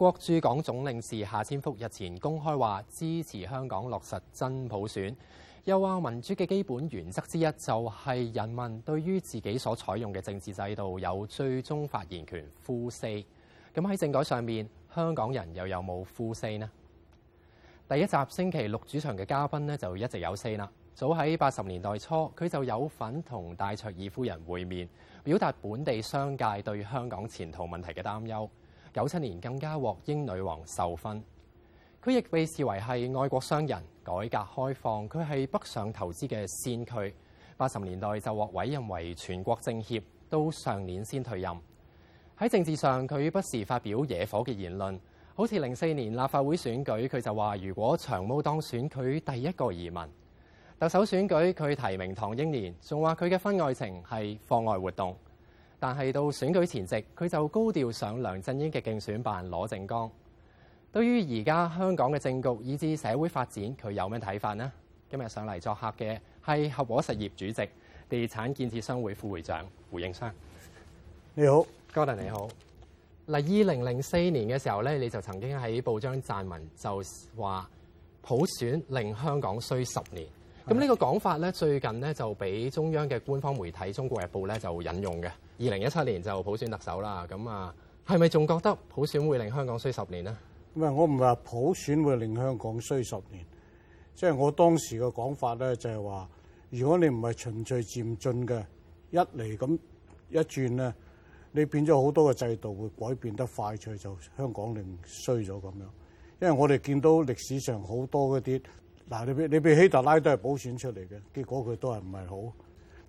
國駐港總領事夏千福日前公開話支持香港落實真普選，又話民主嘅基本原則之一就係人民對於自己所採用嘅政治制度有最終發言權。full say，咁喺政改上面，香港人又有冇 full say 呢？第一集星期六主場嘅嘉賓呢就一直有 say 啦。早喺八十年代初，佢就有份同戴卓爾夫人會面，表達本地商界對香港前途問題嘅擔憂。九七年更加獲英女王授勳，佢亦被視為係愛國商人，改革開放，佢係北上投資嘅先驅，八十年代就獲委任為全國政協，都上年先退任。喺政治上，佢不時發表惹火嘅言論，好似零四年立法會選舉，佢就話如果長毛當選，佢第一個移民。特首選舉，佢提名唐英年，仲話佢嘅婚外情係課外活動。但係到選舉前夕，佢就高調上梁振英嘅競選辦攞政綱。對於而家香港嘅政局以至社會發展，佢有咩睇法呢？今日上嚟作客嘅係合和實業主席、地產建設商會副會長胡應湘。你好，Gordon，你好。嗱，二零零四年嘅時候咧，你就曾經喺報章撰文就話普選令香港衰十年。咁呢個講法咧，最近咧就俾中央嘅官方媒體《中國日報》咧就引用嘅。二零一七年就普選特首啦，咁啊，係咪仲覺得普選會令香港衰十年呢？咁啊，我唔話普選會令香港衰十年，即係我當時嘅講法咧，就係話，如果你唔係循序漸進嘅，一嚟咁一轉咧，你變咗好多嘅制度會改變得快脆，就香港令衰咗咁樣。因為我哋見到歷史上好多嗰啲。嗱，你俾你俾希特拉都係補選出嚟嘅，結果佢都係唔係好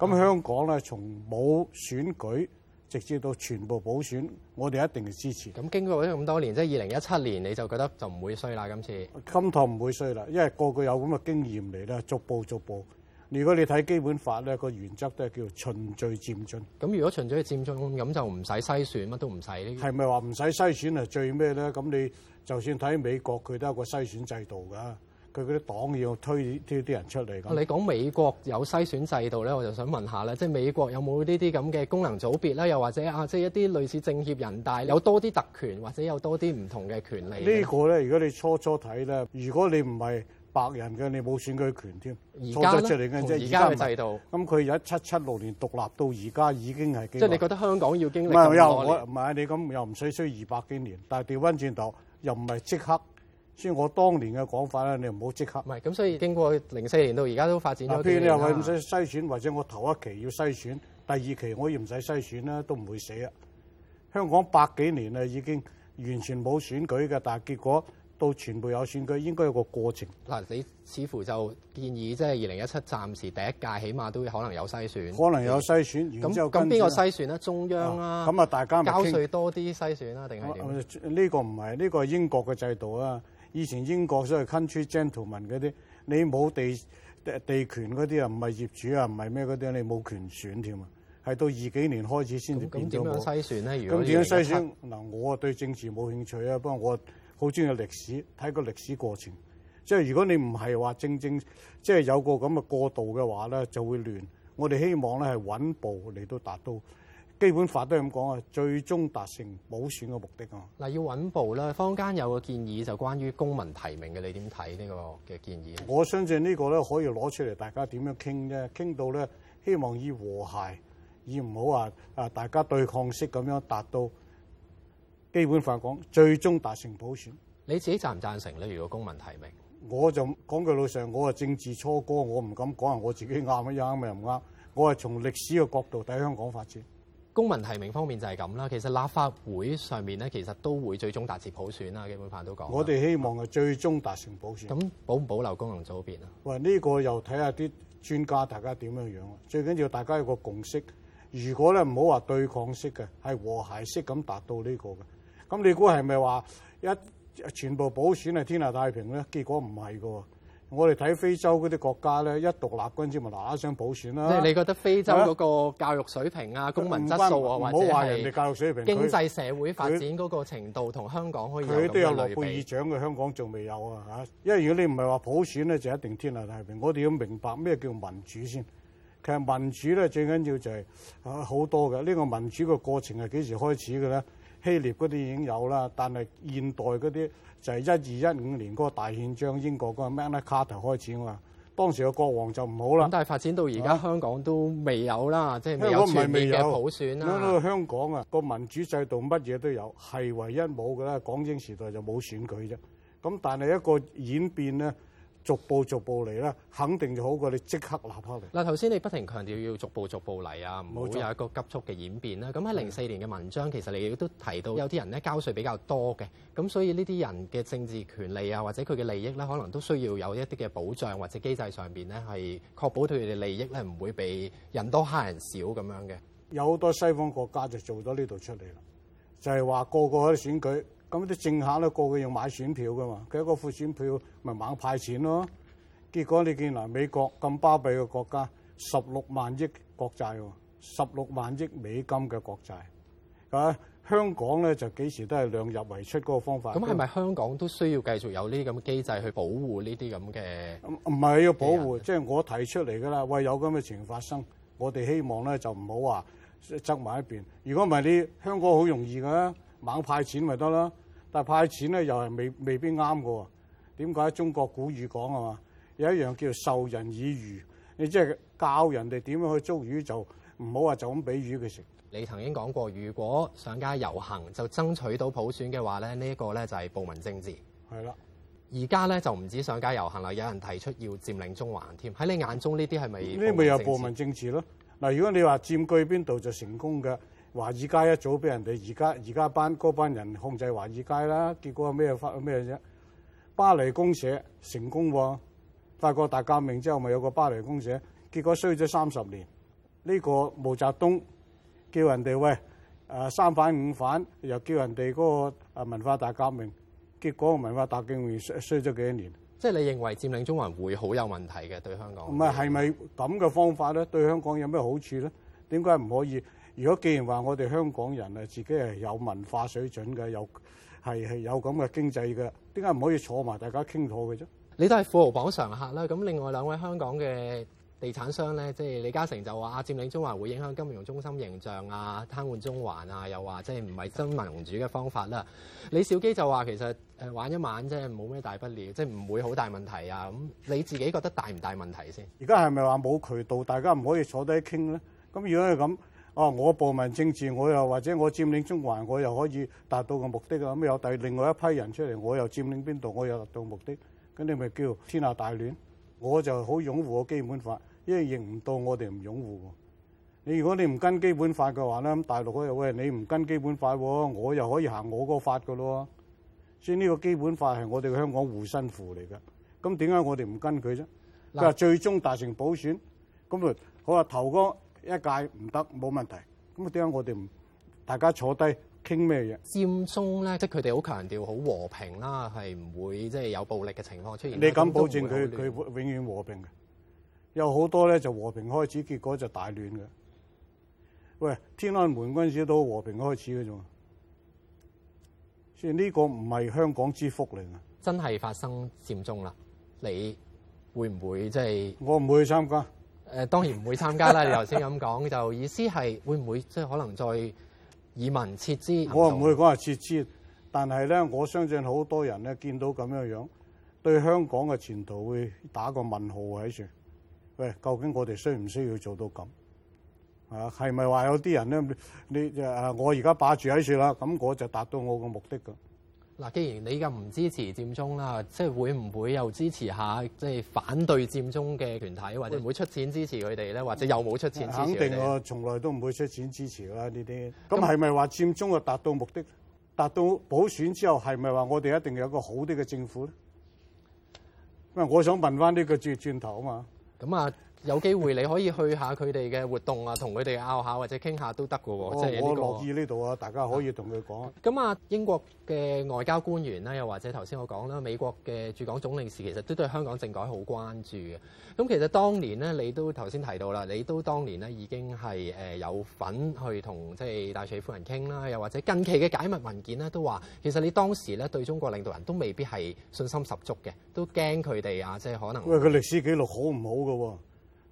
咁。香港咧，從冇選舉直至到全部補選，我哋一定支持。咁經過咗咁多年，即係二零一七年，你就覺得就唔會衰啦。今次今趟唔會衰啦，因為個個有咁嘅經驗嚟啦，逐步逐步。如果你睇基本法咧，個原則都係叫循序漸進。咁如果循序漸進咁，就唔使篩選，乜都唔使。係咪話唔使篩選係最咩咧？咁你就算睇美國，佢都有一個篩選制度㗎。佢嗰啲黨要推推啲人出嚟㗎。你講美國有篩選制度咧，我就想問下啦，即係美國有冇呢啲咁嘅功能組別咧？又或者啊，即係一啲類似政協人大有多啲特權，或者有多啲唔同嘅權利呢？這個、呢個咧，如果你初初睇咧，如果你唔係白人嘅，你冇選舉權添。而家咧，而家嘅制度。咁佢、嗯、一七七六年獨立到而家已經係幾？即係你覺得香港要經歷唔係又唔唔你咁又唔需要二百幾年，但係調翻轉頭又唔係即刻。所以我當年嘅講法咧，你唔好即刻。唔係咁，所以經過零四年到而家都發展。啊，譬如你又唔使篩選，或者我頭一期要篩選，第二期我可以唔使篩選啦，都唔會死啊！香港百幾年啊，已經完全冇選舉嘅，但係結果到全部有選舉，應該有個過程。嗱，你似乎就建議即係二零一七暫時第一屆，起碼都可能有篩選。可能有篩選，咁就咁邊個篩選啦，中央啊，咁啊，啊大家交稅多啲篩選啦、啊，定係點？呢、啊這個唔係呢個係英國嘅制度啊。以前英國所謂 country gentleman 嗰啲，你冇地地，地權嗰啲啊，唔係業主啊，唔係咩嗰啲，你冇權選添啊。係到二幾年開始先至變咗。咁點樣篩選咧？如果咁點樣篩選嗱？我對政治冇興趣啊，不過我好中意歷史，睇個歷史過程。即係如果你唔係話正正，即係有個咁嘅過渡嘅話咧，就會亂。我哋希望咧係穩步嚟到達到。基本法都係咁講啊，最終達成普選嘅目的啊。嗱，要穩步啦。坊間有個建議就關於公民提名嘅，你點睇呢個嘅建議？我相信呢個咧可以攞出嚟，大家點樣傾啫？傾到咧，希望以和諧，而唔好話啊，大家對抗式咁樣達到基本法講最終達成普選。你自己贊唔贊成咧？如果公民提名，我就講句老實，我係政治初哥，我唔敢講啊，我自己啱咪啱，唔啱？我係從歷史嘅角度睇香港發展。公民提名方面就係咁啦。其實立法會上面咧，其實都會最終達至普選啦。基本法都講，我哋希望係最終達成普選。咁保唔保留功能組別啊？喂，呢個又睇下啲專家大家點樣樣。最緊要大家有個共識。如果咧唔好話對抗式嘅，係和諧式咁達到呢個嘅。咁你估係咪話一全部普選係天下太平咧？結果唔係嘅喎。我哋睇非洲嗰啲國家咧，一獨立嗰陣時咪嗱一聲普選啦。即係你覺得非洲嗰個教育水平啊，啊公民質素啊，唔好話人哋教育水平，經濟社會發展嗰個程度，同香港可以有冇對比？佢都有諾貝爾獎嘅，香港仲未有啊嚇。因為如果你唔係話普選咧，就一定天下太平。我哋要明白咩叫民主先。其實民主咧，最緊要就係啊好多嘅呢個民主嘅過程係幾時開始嘅咧？希臘嗰啲已經有啦，但係現代嗰啲就係一二一五年個大憲章英國嗰個 Magna Carta 開始嘛。當時個國王就唔好啦。咁但係發展到而家、啊、香港都未有啦，即係未有全面嘅普選啦。香港啊，個民主制度乜嘢都有，係唯一冇㗎啦。港英時代就冇選舉啫。咁但係一個演變咧。逐步逐步嚟啦，肯定就好過你即刻立刻嚟。嗱，頭先你不停強調要逐步逐步嚟啊，唔好有一個急速嘅演變啦。咁喺零四年嘅文章，其實你亦都提到有啲人咧交稅比較多嘅，咁所以呢啲人嘅政治權利啊，或者佢嘅利益咧，可能都需要有一啲嘅保障或者機制上面咧，係確保佢哋利益咧唔會俾人多蝦人少咁樣嘅。有好多西方國家就做咗呢度出嚟啦，就係話個個可以選舉。咁啲政客咧，個個要買選票噶嘛？佢一個副選票，咪猛派錢咯。結果你見嗱，美國咁巴閉嘅國家，十六萬億國債喎，十六萬億美金嘅國債。啊，香港咧就幾時都係量入為出嗰個方法。咁係咪香港都需要繼續有呢啲咁嘅機制去保護呢啲咁嘅？唔係要保護，即係我提出嚟噶啦。喂，有咁嘅情發生，我哋希望咧就唔好話執埋一邊。如果唔係，你香港好容易噶，猛派錢咪得啦。但派錢咧，又係未未必啱嘅喎。點解？中國古語講啊嘛，有一樣叫做「授人以魚」，你即係教人哋點樣去捉魚，就唔好話就咁俾魚佢食。你曾經講過，如果上街遊行就爭取到普選嘅話咧，呢、這、一個咧就係暴民政治。係啦，而家咧就唔止上街遊行啦，有人提出要佔領中環添。喺你眼中呢啲係咪？呢啲咪有暴民政治咯？嗱，如果你話佔據邊度就成功嘅？華爾街一早俾人哋，而家而家班嗰班人控制華爾街啦。結果係咩發咩啫？巴黎公社成功喎，法國大革命之後咪有個巴黎公社，結果衰咗三十年。呢個毛澤東叫人哋，喂誒三反五反，又叫人哋嗰個文化大革命，結果文化大革命衰衰咗幾多年。即係你認為佔領中環會好有問題嘅對香港？唔係係咪咁嘅方法咧？對香港有咩好處咧？點解唔可以？如果既然話我哋香港人啊，自己係有文化水準嘅，有係係有咁嘅經濟嘅，點解唔可以坐埋大家傾妥嘅啫？你都係富豪榜常客啦。咁另外兩位香港嘅地產商咧，即係李嘉誠就話啊，佔領中環會影響金融中心形象啊，癱瘓中環啊，又話即係唔係真民主嘅方法啦。李兆基就話其實誒玩一晚即係冇咩大不了，即係唔會好大問題啊。咁你自己覺得大唔大問題先？而家係咪話冇渠道，大家唔可以坐低傾咧？咁如果係咁。哦、啊，我暴民政治，我又或者我佔領中環，我又可以達到個目的啊！咁、嗯、有第另外一批人出嚟，我又佔領邊度，我又達到目的，咁你咪叫天下大亂？我就好擁護個基本法，因為認唔到我哋唔擁護。你如果你唔跟基本法嘅話咧，咁大陸嗰度喂你唔跟基本法、哦，我又可以行我嗰個法㗎咯。所以呢個基本法係我哋香港護身符嚟㗎。咁點解我哋唔跟佢啫？佢話最終達成普選，咁啊，我話頭哥。一屆唔得冇問題，咁點解我哋唔大家坐低傾咩嘢？佔中咧，即係佢哋好強調好和平啦，係唔會即係、就是、有暴力嘅情況出現。你敢保證佢佢永遠和平嘅？有好多咧就和平開始，結果就大亂嘅。喂，天安門嗰陣時都和平開始嘅啫嘛。所以呢個唔係香港之福嚟嘅。真係發生佔中啦！你會唔會即係、就是？我唔會去參加。誒當然唔會參加啦。你頭先咁講，就意思係會唔會即係可能再移民撤資？我唔會講話撤資，但係咧，我相信好多人咧見到咁樣樣，對香港嘅前途會打個問號喺處。喂，究竟我哋需唔需要做到咁？啊，係咪話有啲人咧？你誒我而家霸住喺處啦，咁我就達到我嘅目的㗎。嗱，既然你咁唔支持佔中啦，即係會唔會又支持下即係反對佔中嘅團體，或者唔會出錢支持佢哋咧？或者又有冇出錢支持咧？肯定我從來都唔會出錢支持啦呢啲。咁係咪話佔中啊達到目的？達到普選之後係咪話我哋一定有一個好啲嘅政府咧？因為我想問翻呢、呢個轉轉頭啊嘛。咁啊。有機會你可以去下佢哋嘅活動啊，同佢哋拗下或者傾下都得嘅喎。哦、即係呢個，我樂意呢度啊，大家可以同佢講咁啊，英國嘅外交官員啦，又或者頭先我講啦，美國嘅駐港總領事其實都對香港政改好關注嘅。咁其實當年咧，你都頭先提到啦，你都當年咧已經係誒有份去同即係戴卓爾夫人傾啦，又或者近期嘅解密文件咧都話，其實你當時咧對中國領導人都未必係信心十足嘅，都驚佢哋啊，即係可能喂佢歷史記錄好唔好嘅喎？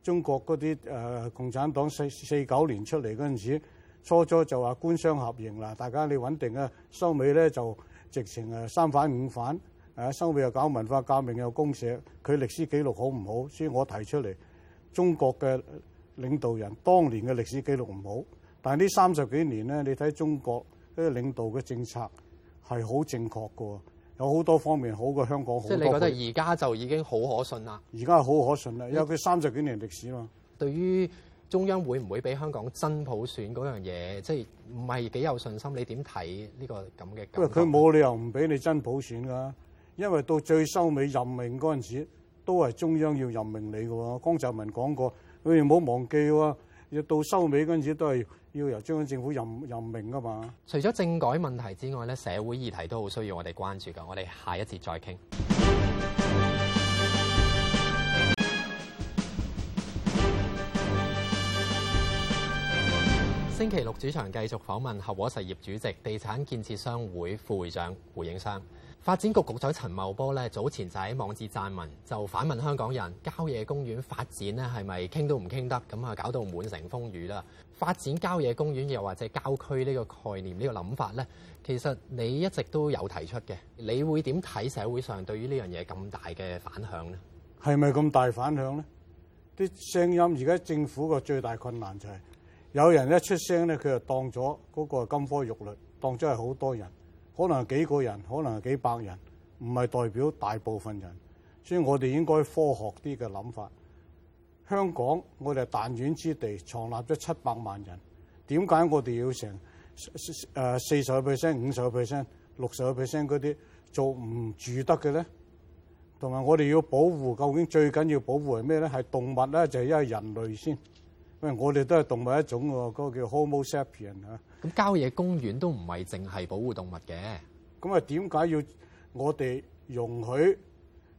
中國嗰啲誒共產黨四四九年出嚟嗰陣時，初初就話官商合營嗱，大家你穩定啊，收尾咧就直情係三反五反，誒收尾又搞文化革命又公社，佢歷史記錄好唔好？所以我提出嚟，中國嘅領導人當年嘅歷史記錄唔好，但係呢三十幾年咧，你睇中國啲領導嘅政策係好正確噶。有好多方面好過香港好，好即係你覺得而家就已經好可信啦。而家係好可信啦，因為佢三十幾年歷史嘛。對於中央會唔會俾香港真普選嗰樣嘢，即係唔係幾有信心？你點睇呢個咁嘅感覺？喂，佢冇理由唔俾你真普選㗎，因為到最收尾任命嗰陣時候，都係中央要任命你嘅喎。江澤民講過，你唔好忘記喎。要到收尾嗰陣時，都係要由中央政府任任命噶嘛。除咗政改問題之外咧，社會議題都好需要我哋關注噶。我哋下一節再傾。星期六主場繼續訪問合和實業主席、地產建設商會副會長胡應湘。發展局局長陳茂波咧，早前就喺網誌撰文，就反問香港人郊野公園發展咧係咪傾都唔傾得，咁啊搞到滿城風雨啦。發展郊野公園又或者郊區呢個概念呢、呢個諗法咧，其實你一直都有提出嘅。你會點睇社會上對於呢樣嘢咁大嘅反響咧？係咪咁大反響咧？啲聲音而家政府嘅最大困難就係、是、有人一出聲咧，佢就當咗嗰個金科玉律，當咗係好多人。可能係幾個人，可能係幾百人，唔係代表大部分人，所以我哋應該科學啲嘅諗法。香港我哋彈丸之地，創立咗七百萬人，點解我哋要成誒四十個 percent、五十個 percent、六十個 percent 嗰啲做唔住得嘅咧？同埋我哋要保護，究竟最緊要的保護係咩咧？係動物咧，就係因為人類先。因為我哋都係動物一種喎，嗰個叫 Homo sapiens 嚇。咁郊野公園都唔係淨係保護動物嘅。咁啊，點解要我哋容許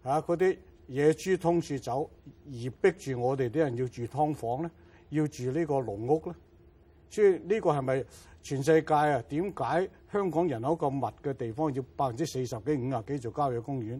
嚇嗰啲野豬通處走，而逼住我哋啲人要住劏房咧？要住呢個農屋咧？所以呢個係咪全世界啊？點解香港人口咁密嘅地方要百分之四十幾、五十幾做郊野公園？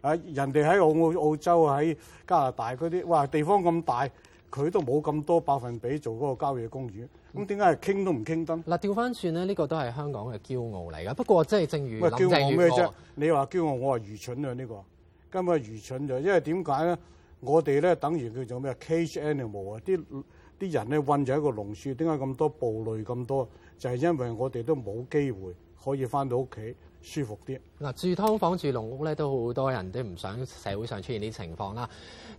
啊！人哋喺澳澳洲、喺加拿大嗰啲，哇！地方咁大。佢都冇咁多百分比做嗰個郊野公園，咁點解係傾都唔傾得呢？嗱、嗯，調翻轉咧，呢、這個都係香港嘅驕傲嚟㗎。不過即係正如林鄭驕傲咩啫？你話驕傲，我話愚蠢啊！呢、這個根本係愚蠢就、啊、係因為點解咧？我哋咧等於叫做咩？cage animal 啊！啲啲人咧困咗一個籠處，點解咁多暴類咁多？就係、是、因為我哋都冇機會。可以翻到屋企舒服啲嗱，住劏房，住農屋咧，都好多人都唔想社會上出現啲情況啦。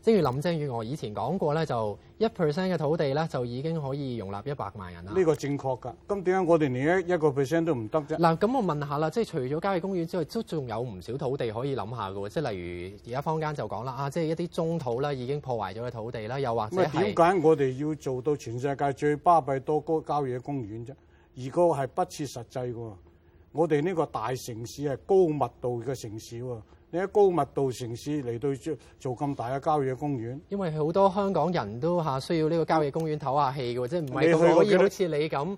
正如林鄭月娥以前講過咧，就一 percent 嘅土地咧，就已經可以容納一百萬人啦。呢個正確㗎。咁點解我哋連一一個 percent 都唔得啫？嗱，咁我問下啦，即係除咗郊野公園之外，都仲有唔少土地可以諗下嘅喎。即係例如而家坊間就講啦，啊，即係一啲中土啦，已經破壞咗嘅土地啦，又或者係點解我哋要做到全世界最巴閉多個郊野公園啫？如果係不切實際嘅。我哋呢個大城市係高密度嘅城市喎，你喺高密度城市嚟到做咁大嘅郊野公園。因為好多香港人都話需要呢個郊野公園唞下氣嘅喎，即係唔係可以好似你咁，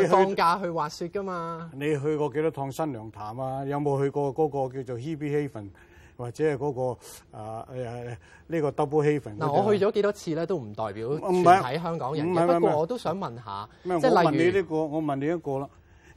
你放假去滑雪㗎嘛你？你去過幾多趟新娘潭啊？有冇去過嗰個叫做 Hebe Haven 或者係、那、嗰個啊呢、啊呢個 Double Haven？嗱、嗯，我去咗幾多次咧，都唔代表全體香港人不，不，不過我都想問下，即係、就是、例如呢我，問你、這個、我問你一個啦。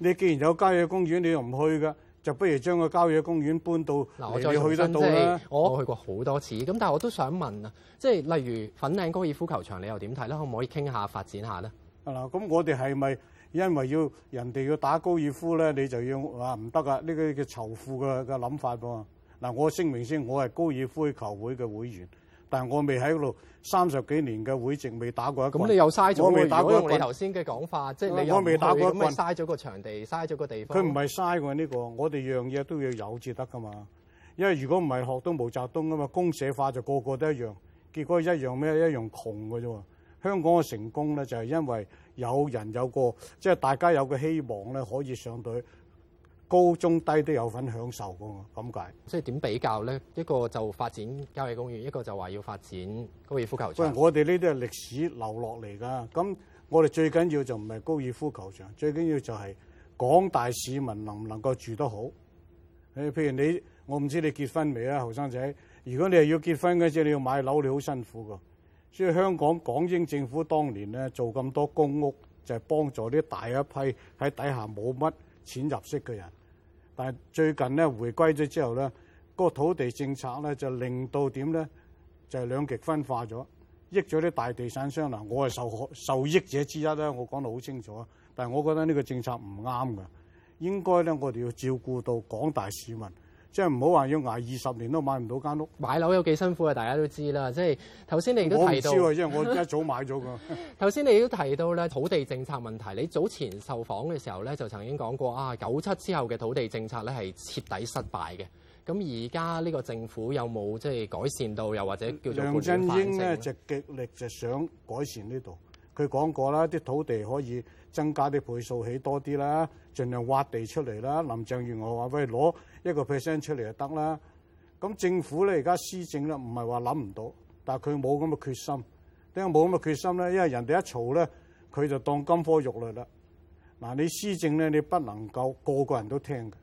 你既然有郊野公園，你又唔去嘅，就不如將個郊野公園搬到我你去得到啦。就是、我去過好多次，咁但係我都想問啊，即係例如粉嶺高爾夫球場，你又點睇咧？可唔可以傾下發展下咧？嗱，咁我哋係咪因為要人哋要打高爾夫咧，你就要話唔得噶？呢、啊呢個叫仇富嘅嘅諗法喎。嗱，我聲明先，我係高爾夫球會嘅會員。但係我未喺嗰度三十幾年嘅會籍未打過一棍。咁你又嘥咗我未打過一棍。我頭先嘅講法，即係你有冇咩嘥咗個場地、嘥咗個地方？佢唔係嘥過呢個，我哋樣嘢都要有至得噶嘛。因為如果唔係學到毛澤東噶嘛，公社化就個個都一樣，結果一樣咩一樣窮嘅啫。香港嘅成功咧就係、是、因為有人有個即係、就是、大家有個希望咧可以上隊。高中低都有份享受噶嘛？咁解，所以點比較咧？一個就發展郊野公園，一個就話要發展高爾夫球場。喂，我哋呢啲係歷史留落嚟噶，咁我哋最緊要就唔係高爾夫球場，最緊要就係廣大市民能唔能夠住得好？誒，譬如你，我唔知你結婚未啊，後生仔。如果你係要結婚嗰陣，你要買樓你好辛苦㗎。所以香港港英政府當年咧做咁多公屋，就係幫助啲大一批喺底下冇乜錢入息嘅人。但最近咧，回歸咗之後咧，個土地政策咧就令到點咧，就係兩極分化咗，益咗啲大地產商嗱，我係受受益者之一啦，我講得好清楚啊。但係我覺得呢個政策唔啱㗎，應該咧我哋要照顧到廣大市民。即係唔好話要挨二十年都買唔到間屋。買樓有幾辛苦啊！大家都知啦，即係頭先你都提到，我唔知喎，因為 我一早買咗㗎。頭先你都提到咧土地政策問題，你早前受訪嘅時候咧就曾經講過啊，九七之後嘅土地政策咧係徹底失敗嘅。咁而家呢個政府有冇即係改善到，又或者叫做？梁振英咧，就極力就想改善呢度。佢講過啦，啲土地可以增加啲倍數起多啲啦，儘量挖地出嚟啦。林鄭月娥話，不如攞一個 percent 出嚟就得啦，咁政府咧而家施政咧唔係話諗唔到，但係佢冇咁嘅決心。點解冇咁嘅決心咧？因為人哋一嘈咧，佢就當金科玉律啦。嗱，你施政咧，你不能夠個個人都聽嘅。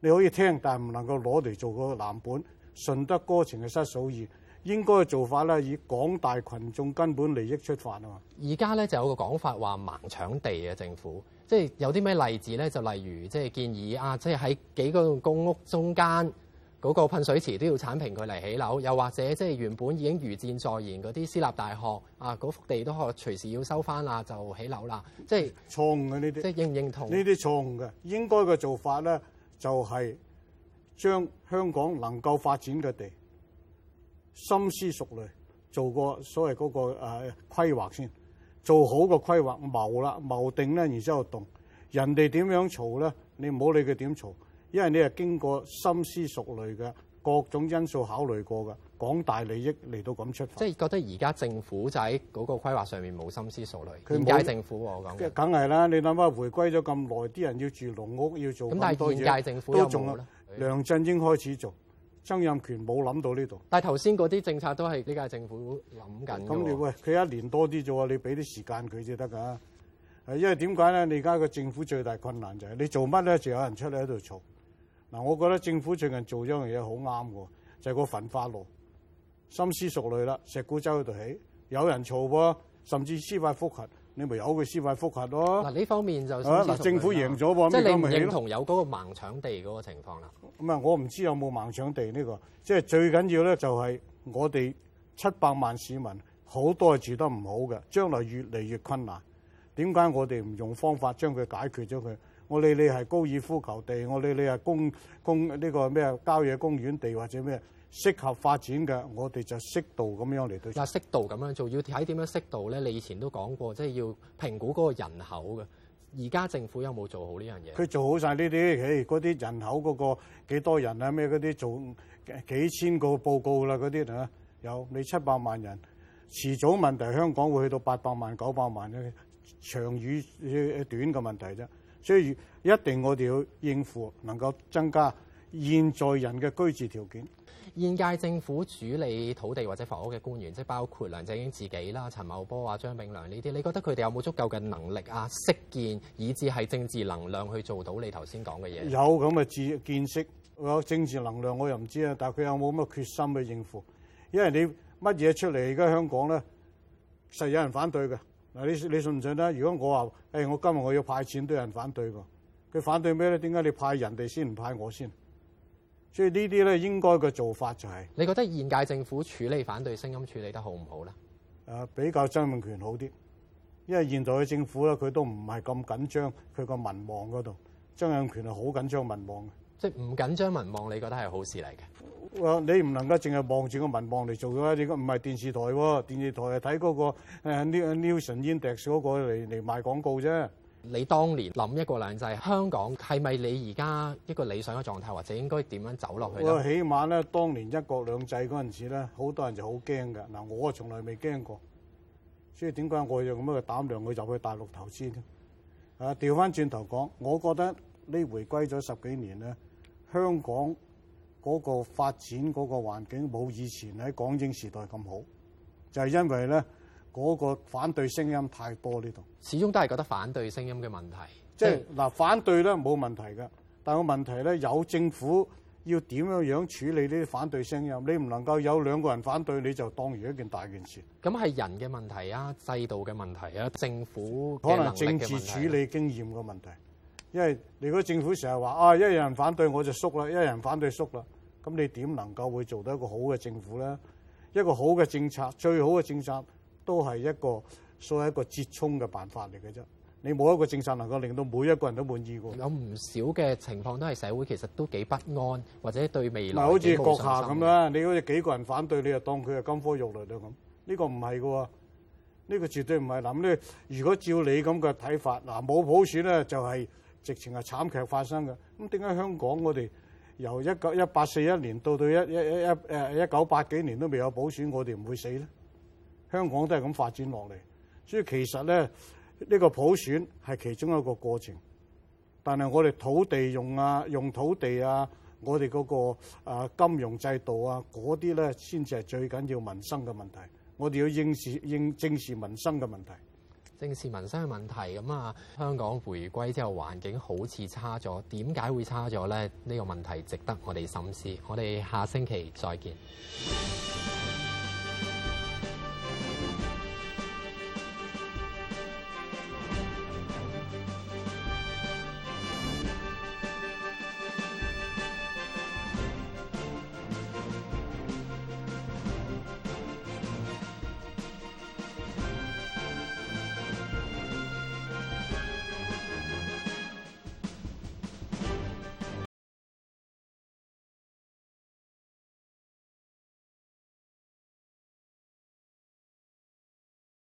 你可以聽，但係唔能夠攞嚟做個藍本。順得哥情失嫂意。應該嘅做法咧，以廣大群眾根本利益出發啊嘛！而家咧就有個講法話盲搶地啊，政府即係有啲咩例子咧？就例如即係建議啊，即係喺幾個公屋中間嗰、那個噴水池都要剷平佢嚟起樓，又或者即係原本已經如箭在弦嗰啲私立大學啊，嗰幅地都可隨時要收返啦，就起樓啦！即係錯誤嘅呢啲，即係認唔認同？呢啲錯誤嘅，應該嘅做法咧就係、是、將香港能夠發展嘅地。心思熟慮，做個所謂嗰、那個誒、呃、規劃先，做好個規劃謀啦，謀定咧，然之後動。人哋點樣嘈咧，你唔好理佢點嘈，因為你係經過深思熟慮嘅各種因素考慮過嘅廣大利益嚟到咁出，即係覺得而家政府就喺嗰個規劃上面冇心思熟，佢唔屆政府、啊、我感覺。梗係啦，你諗下回歸咗咁耐，啲人要住農屋要做咁大多嘢，都仲。梁振英開始做。曾蔭權冇諗到呢度，但係頭先嗰啲政策都係呢屆政府諗緊㗎。咁你喂佢一年多啲啫喎，你俾啲時間佢先得㗎。係因為點解咧？你而家個政府最大困難就係你做乜咧，就有人出嚟喺度嘈。嗱，我覺得政府最近做咗樣嘢好啱㗎，就係、是、個焚化爐深思熟慮啦，石鼓洲嗰度起有人嘈喎，甚至司法復核。你咪有個司法覆核咯、啊。嗱，呢方面就想想啊，嗱，政府贏咗喎，咩都唔即係你認同有嗰個盲搶地嗰個情況啦？咁啊，我唔知有冇盲搶地呢、這個。即係最緊要咧，就係我哋七百萬市民好多係住得唔好嘅，將來越嚟越困難。點解我哋唔用方法將佢解決咗佢？我理你係高爾夫球地，我理你係公公呢個咩郊野公園地或者咩？適合發展嘅，我哋就適度咁樣嚟對。嗱，適度咁樣做，要睇點樣適度咧？你以前都講過，即係要評估嗰個人口嘅。而家政府有冇做好呢樣嘢？佢做好晒呢啲，唉，嗰啲人口嗰、嗰個幾多人啊？咩嗰啲做幾千個報告啦、啊？嗰啲啊，有你七百萬人，遲早問題香港會去到八百萬、九百萬嘅長與短嘅問題啫。所以一定我哋要應付，能夠增加。現在人嘅居住條件，現屆政府處理土地或者房屋嘅官員，即係包括梁振英自己啦、陳茂波啊、張炳良呢啲，你覺得佢哋有冇足夠嘅能力啊、識見，以至係政治能量去做到你頭先講嘅嘢？有咁嘅見見識，有政治能量，我又唔知啊。但係佢有冇咁嘅決心去應付？因為你乜嘢出嚟而家香港咧，實有人反對嘅嗱。你你信唔信咧？如果我話誒、哎，我今日我要派錢都有人反對嘅，佢反對咩咧？點解你派人哋先唔派我先？所以呢啲咧應該個做法就係，你覺得現屆政府處理反對聲音處理得好唔好咧、啊？比較曾蔭權好啲，因為現在嘅政府咧，佢都唔係咁緊張佢個民望嗰度。曾蔭權係好緊張民望，即唔緊張民望，你覺得係好事嚟嘅、啊。你唔能夠淨係望住個民望嚟做嘅，你唔係電視台喎，電視台係睇嗰個 Nielsen Index 嗰個嚟嚟賣廣告啫。你當年諗一國兩制，香港係咪你而家一個理想嘅狀態，或者應該點樣走落去咧？我起碼咧，當年一國兩制嗰陣時咧，好多人就好驚㗎。嗱，我從來未驚過，所以點解我有咁嘅膽量去入去大陸投資咧？啊，調翻轉頭講，我覺得呢回歸咗十幾年咧，香港嗰個發展嗰個環境冇以前喺港英時代咁好，就係因為咧。嗰、那個反對聲音太多呢度，始終都係覺得反對聲音嘅問題。即係嗱，反對咧冇問題嘅，但個問題咧，有政府要點樣樣處理呢啲反對聲音？你唔能夠有兩個人反對，你就當如一件大件事。咁係人嘅問題啊，制度嘅問題啊，政府嘅能力嘅可能政治處理經驗嘅問題。因為如果政府成日話啊，一有人反對我就縮啦，一有人反對縮啦，咁你點能夠會做到一個好嘅政府咧？一個好嘅政策，最好嘅政策。都係一個所謂一個折衷嘅辦法嚟嘅啫。你冇一個政策能夠令到每一個人都滿意嘅。有唔少嘅情況都係社會其實都幾不安，或者對未來好似閣下咁樣，你好似幾個人反對，你就當佢係金科玉律就咁。呢個唔係嘅喎，呢個絕對唔係。咁咧，如果照你咁嘅睇法，嗱冇普選咧就係直情係慘劇發生嘅。咁點解香港我哋由一九一八四一年到到一一一誒一九八幾年都未有普選，我哋唔會死咧？香港都係咁發展落嚟，所以其實咧呢個普選係其中一個過程，但係我哋土地用啊、用土地啊、我哋嗰個啊金融制度啊嗰啲咧，先至係最緊要民生嘅問題，我哋要應視應正視民生嘅問題，正視民生嘅問題，咁啊！香港回歸之後環境好似差咗，點解會差咗咧？呢個問題值得我哋深思。我哋下星期再見。